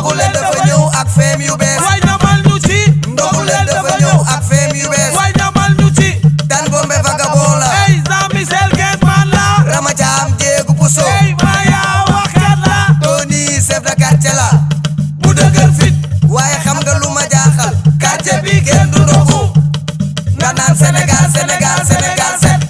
ndogule dafa ñëw ak feem yu bees waay ñamal ñu ci ndogule dafa ñëw ak feem yu bees waay ñamal ñu ci tan bombe vagabond la ey Jean Michel Guetman la rama caam jéegu puso ey maya waxkat la Tony chef de bu dëgër fit waaye xam nga lu ma jaaxal du ndogu nga naan Sénégal Sénégal Sénégal set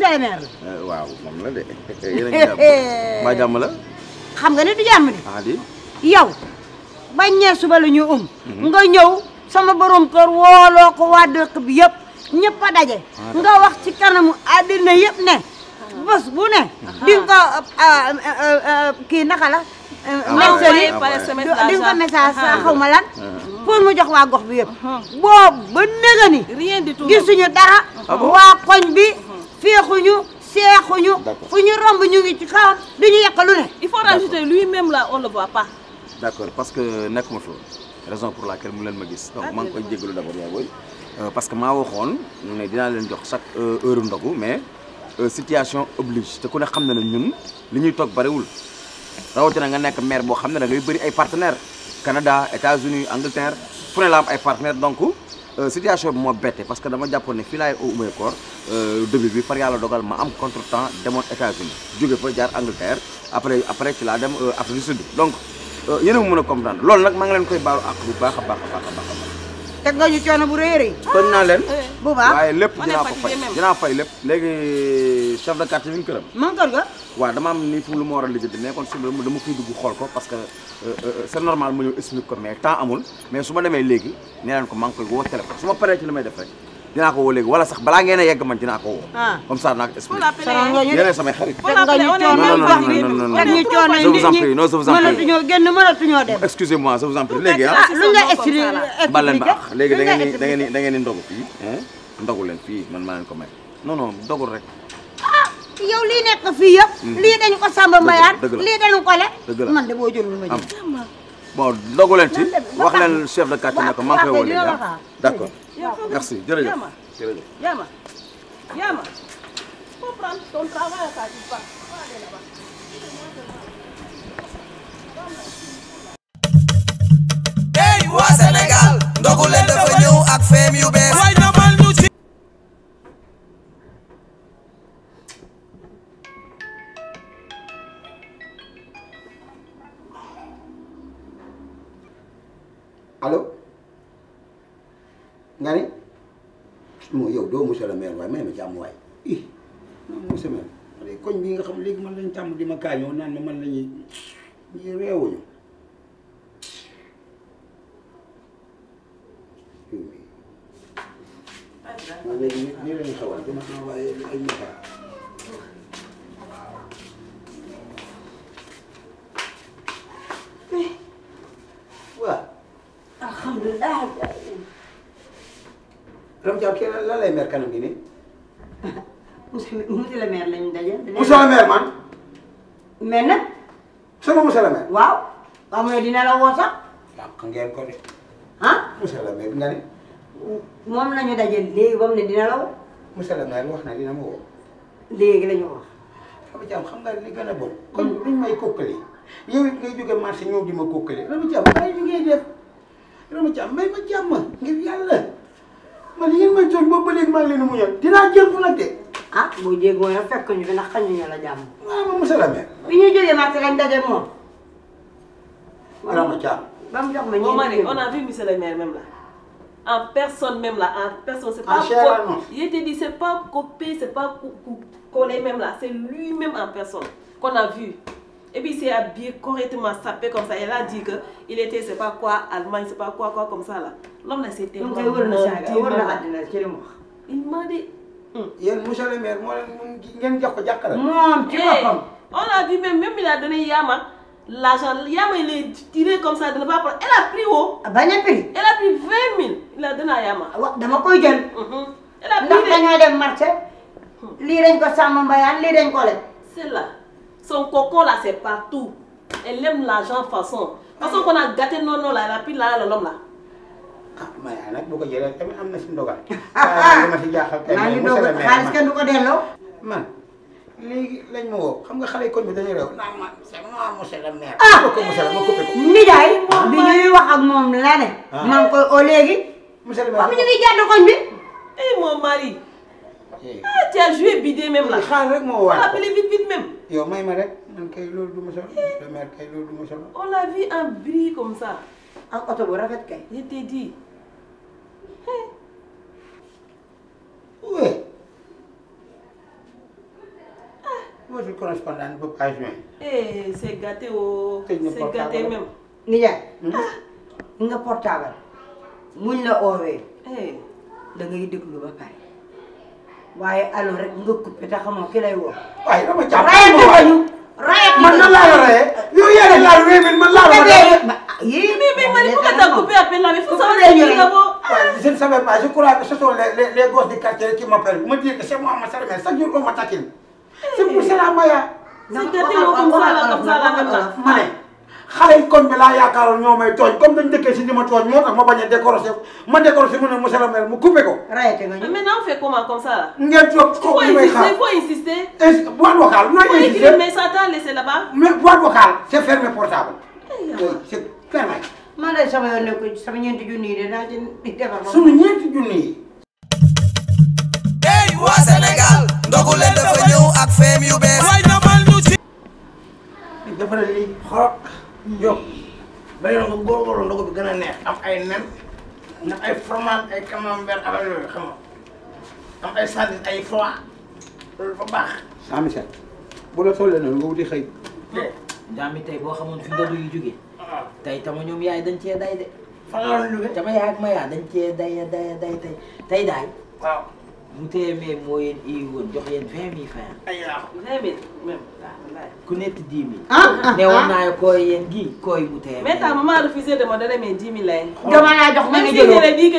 Ah, euh, waaw moom la de yéen a ngi jàmm la. xam nga ni du jàmm de. ah yow bañ ñee suba la um. Mhm. nga ñëw sama borom kër wooloo ko waa dëkk bi yëpp ñëpp a daje. Ah, nga wax ci kanamu àddina yëpp ne. bés bu ne. di nga naka la. message di nga ko message xaw ma lan. pour mu jox waa gox bi yëpp. boobu ba nëgëni. rien dara. waa koñ bi féexuñu. seexuñu fu ñu romb ñu ngi ci kawam ñu yàq ne. parce que nekkuma fi woon raison pour laquelle mu leen ma gis. donc ah, maa ngi koy jégalu d'abord yaay booy euh, parce que maa waxoon ne dinaa leen jox chaque euh, heure ndogu mais. Euh, situation oblige te ku ne xam na ne ñun li ñuy toog bariwul rawatina nga nekk maire boo xam ne na ngay bëri ay partenaires Canada États-Unis Angleterre fu ne la am ay partenaires donc euh, situation bi moo bette parce que dama jàppoon ne fii laay au Umbeyakor euh, début bi par yàlla dogal ma am contre contretemps demoon États-Unis jóge fa jaar Angleterre après après ci laa dem Afrique du Sud donc yéen a mën a comprendre loolu nag maa ngi leen koy baalu àq bu baax a baax baax. teg nga ñu coono bu rëy a leen. Eh, bu baax waaye lépp dinaa ko fay dinaa fay lépp. léegi chef de quartier bi ñu këram. man kër ga. waaw dama am ni lu ma war a lijjanti mais kon suba dama fiy dugg xool ko parce que euh, euh, euh, c'est normal ma ñëw explique ko mais temps amul mais su ma demee léegi nee naan ko maa ngi koy woo téléphone su ma paree ci li may def rek. dinaa ko woo léegi wala sax balaa ngeen a yegg man dinaa ko woo. Ah. comme ça naa ko expliqué. yéen samay xarit. non je vous en prie mënatuñoo génn mënatuñoo dem. excusez-moi je vous en prie léegi ah. lu nga expliqué bal leen ndogu fii. ndogu fii man maa leen ko may non non ndogul rek. Ah, yow lii nekk fii yëpp. Hmm. lii dañu ko sàmba mayaat lii dañu ko dëgg la man de boo jëlul ma jël. bon dogu leen ci wax leen chef de quartier ne ko maa ngi koy woo merci jërëjëf jërëjëf. Yama Yama. comprendre ton travail à ta hey waa Sénégal ndogu leen dafa ñëw ak feem yu bees semaine ma ne koñ bii nga xam léegi man lañ tàmm di ma kaañoo naan ma ma léegi nit ñi lañ xawal dama xam waaye ay ñaxaar waaw alhamdulilah ram jaab kenn la lay mer kanam gi nii monsieur ¿Ah? mm, le maire lañu dajeel. monsieur le maire man. mais nag. sama monsieur le maire. waaw. waaw mooy dina la woo sax. dàq ngeen ko de. ah. monsieur le nga ne. moom la ñu dajeel léegi ba mu ne dina la woo. monsieur le wax na dina ma woo. léegi la ñu wax. Fapal Thiam xam nga li gën a bon. kon duñ may kokkale. yow it ngay jóge marché ñëw di ma kokkale. Rama Thiam bàyyi li ngay def. Rama Thiam may ma jàmm ngir yàlla. man li ngeen may tooñ boobu ba léegi maa ngi leen di muñal dinaa jël fu nag de. ah boo jéegoo yow fekk ñu fi ndax xañuñu la jàmm. waaw ah, ma monsieur le maire. bi ñuy jógee marché lañ daje moom. Rama Thiam. ba mu jox ma ñu ma ne la a vu monsieur le maire même là. en personne même là en personne. c'est pas il était dit c'est pas copé c'est pas collé même là c'est lui-même en personne qu'on a vu. et puis il s'est habillé correctement sapé comme ça elle a dit que il était c'est pas quoi Allemagne c'est pas quoi quoi li mu Mm. yéen monsieur le maire moo leen ngeen jox ko jàkkaarloo. moom ci eh, boppam on a vu même même il a donné Yama l'argent Yama il est tiré comme ça de la part elle a pris woo. Ah, bañ a pris. elle a pris vingt mille il a donné à Yama. Ah, wa dama koy jël. Mm-hmm. elle a pris ndax dañoo dem marché. Mm. lii dañ ko sàmm mbayaan lii dañ ko leb. c'est là son coco là c'est partout elle aime l'argent façon ah. façon qu'on a gâté non non là elle a pris là l'homme là. Ah, ma yaay nag bu ko jëlee tamit am na si ndogal. ah li ma si jaaxal. tey moom monsieur le maire xaalis kenn du ko delloo. man léegi lañ ma woo xam nga xale yi koñ bi dañuy réew. non man c' est moi monsieur le maire. ah ko monsieur le ma coupé ko. Ndiaye bi ah. ñuy wax ak moom la ne. Ah. maa ngi koy oo léegi. monsieur le maire wax ñu ngi jàdd koñ bi. eh mon mari. Eh. ah tu as joué bidé même la. xaar rek moo waral ko appelé vite vite même. yow may ma rek man kay loolu du ma solo. Eh. le maire kay loolu du ma solo. on l'a vu en bris comme ça. ak oto bu rafet kay. je t'ai dit. suis correspondant ba pas juin. eh c'est gâté woo. c'est gâté même. nijaay. Hmm? ah nga portable. muñ la oowee. eh da ngay déglu ba pare. waaye alors rek nga coupé te xamoo ki lay woo. man nan laa la rayee. yow yaa ne laal réew mi man laal ma yii mais mais man il faut que t'as coupé appel là mais faut savoir dire nga boo. je ne savais pas je crois que ce sont les les gosses du c'est pour cela Maya. ma ne xale yi kon bi laa yaakaaroon ñoo may tooñ comme dañ dëkkee si li ma tooñ moo tax ma bañ a décroché ma décroché mu ne monsieur le mu coupé ko. rayete nga ñu. Ah, mais on fait comment comme ça. ngeen toog xool li may xaar il faut insister il faut insister. boîte vocale nooy insister mais ça t'a laissé là-bas. mais boîte vocale c'est fermé portable. c'est fermé. maa lay sama yoon nekkul sama ñeenti junni yi de naa ci defar. suñu ñeenti junni yi. hey waa Sénégal. ndogu leen dafa ñëw ak feem yu bees. waay namal ñu ci. dafa ne lii xorog. jóg ba yoon nga góorgóorlu ndogu bi gën a neex am ay nen ndax ay fromage ay camembert ak yooyu xam nga am ay sandwich ay foie loolu dafa baax. Jean Michel bu la tollee noonu nga wuti xëy. jaam bi tey boo xamoon fi ndogu yu jógee. tey tama ñoom yaay dañ cee day de. fan la woon jógee tama yaay ak ma yaay dañ cee day day day tey tey daay. waaw. bu téeméer moo yéen ii woon jox yéen vingt mille francs. ay vingt mille même ku nekk dix mille. ah ah ne woon naa kooy yéen gii kooy bu téeméer. mais de me donner mes dix mille lay. dama laa jox ma ngi jëloo même si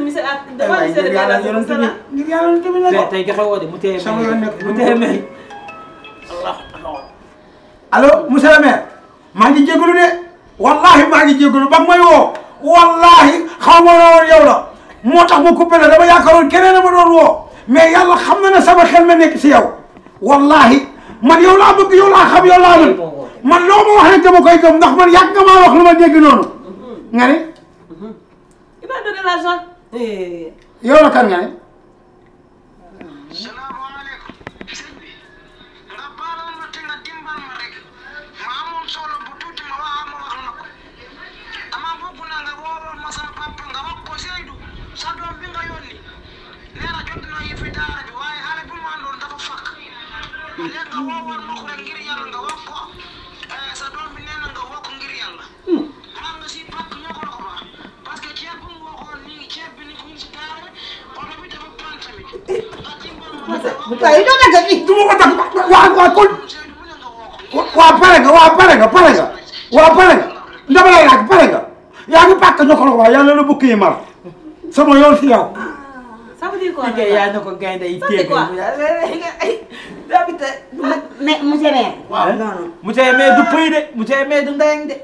me suis ah dama la seetlu la la sa la. ngir yàlla de mu téeméer. sama yoon nekk mu téeméer. allo monsieur le maire. maa ngi jégalu de. wallaahi maa ngi jégalu ba may woo. wallaahi xaw la. moo tax mu coupé la dama yaakaaroon keneen a ma doon woo mais yàlla xam na ne sama xel ma nekk si yow wallahi man yow laa bëgg yow laa xam yow laa mën man loo ma wax rek dama koy gëm ndax man yàgg nga maa wax lu ma dégg noonu nga ne. il m'a donné l'argent. yow la kan nga ne. waaye ñoo nekk fii. du ma ko takk waa waa kon waa pare nga waa pare nga pare nga waa pare nga dama lay laaj pare nga yaa ngi pàkk ñoo ko la waaye yàlla na bukk yi mar sama yoon si yow. ça veut dire quoi yaa na ko gaynde yi téye mais monsieur maire. waaw non non. monsieur maire du pëy de monsieur maire du ndeyeng de.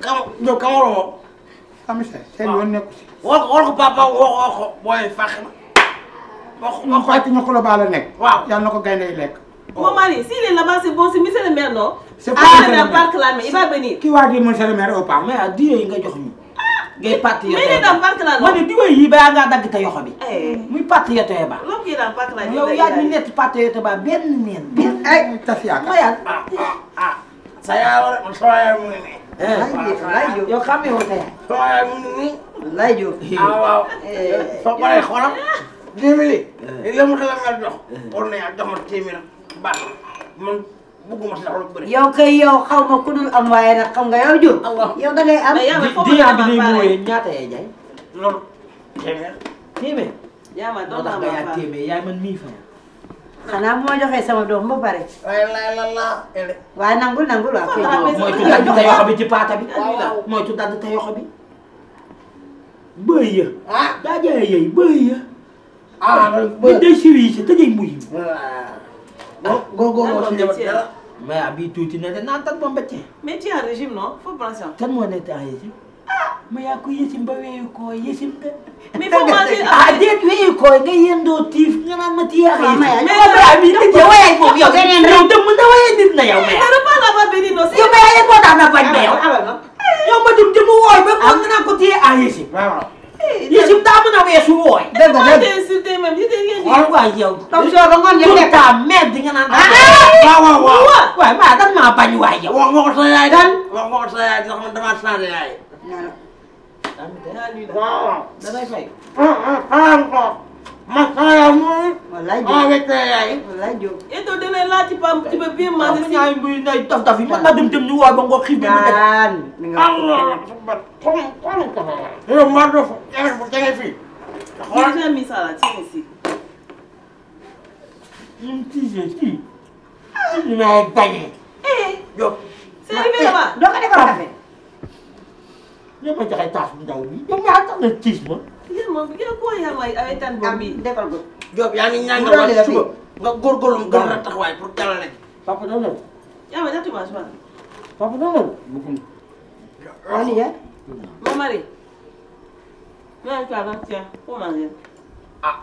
kam kam waroo. seen yoon nekku si. woo ko woo ko papa woo ko woo ko booy fàq ma. moom fàtte ñu Colobane la nekk. waaw yàlla na ko ba mais daal parc la ma ne diwe yi ba yaa ngaa dagg te eh. nekk eh. ah, ah, ah. a soo téeméeri. Euh. la mu xelal nga dox. war na yaa jox ma téeméer baax man bëgguma si la xool yow kay yow ma ku dul am waaye nag xam nga yow Diouf. yow da ngay am. di ñaata bi lay mooyee ñaata yaay jaay. loolu ma doon naa ma yaa téeméer yaay man mii fa. xanaa bu ma joxee sama doom ba pare. waaye la la la. waaye nangul nangul waaw. mooy tu dadd te yoxo bi ci paata bi. mooy tu dadd te yoxo bi. bëy ya. ah daa jaay yey bëy ya. ah ba day siri si tëjee mbuy yi. ah góogóogóo si jabat dara. mais abi tuuti na de naan tan bon bëccëg. mais tu es en régime non faut prendre ça. kan moo nekk en régime. ah ma yaa ko yësim ba weeyu koo yësim de. mais faut manger ah déet weeyu koo nga yëndoo tiif nga naan ma téye ak a mais abi nit yow yaay foofu yow gën a yow te mën na na yow. mais ma benn non. yow na bañ ba ah, yow. Ah, ah, yow ma dum jëmu wooy ba mën nga naan ko téye ak yësim. yi si daa mën a weesu wooy. dëgg la dëgg yow. tam soo ba ngoon yow taa mer di nga naan. waaw waaw waaw waaw waaw dan maa bañ waay yow. wax nga ko sa yaay dan wax nga ko sa yaay ndax man damaa changé yaay. waaw waaw damay fay. masaya moom. wallaay Diop waaw rek yaay. wallaay Diop. et puis danañ laaj ci PAM ci ba biir maa ngi. nay taf taf yi man maa dem dem ñu wooy ba ngoog xiif bi. daan mi nga xam ne yow maa doon fa fii. xoolal si. ñun tiise kii. ñu naa bañee. Diop. ma doo ko defal ah. café. ma joxe taas bu ndaw bi yow yéen moom yéen koo yar lay ay tan boobu bii defal ko. Diop yaa ngi ñaan nga wax suba nga góorgóorlu mu gën a taxawaay papa doo yaa ma ñetti mois papa doo ñëw. wàllu yaay. maman de. ñooñu quoi donc tiens pour manger. ah.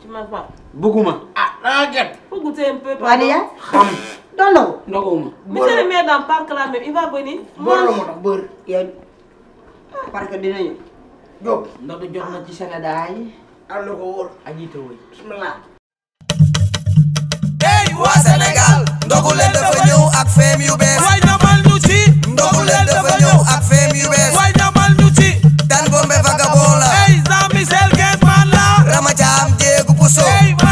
tu manges pas. bëgguma. ah da nga gën. pour goûter un peu. wàllu yaay xam. doo ndaw. ndoguma. monsieur la moo Diop ndox jot na waa Sénégal. ndogu leen dafa ñëw ak feem yu bees. waay ñamal ñu ci. ndogu leen dafa ñëw ak feem Jean Michel Kees man la. Rama Thiam jéegu Bousso.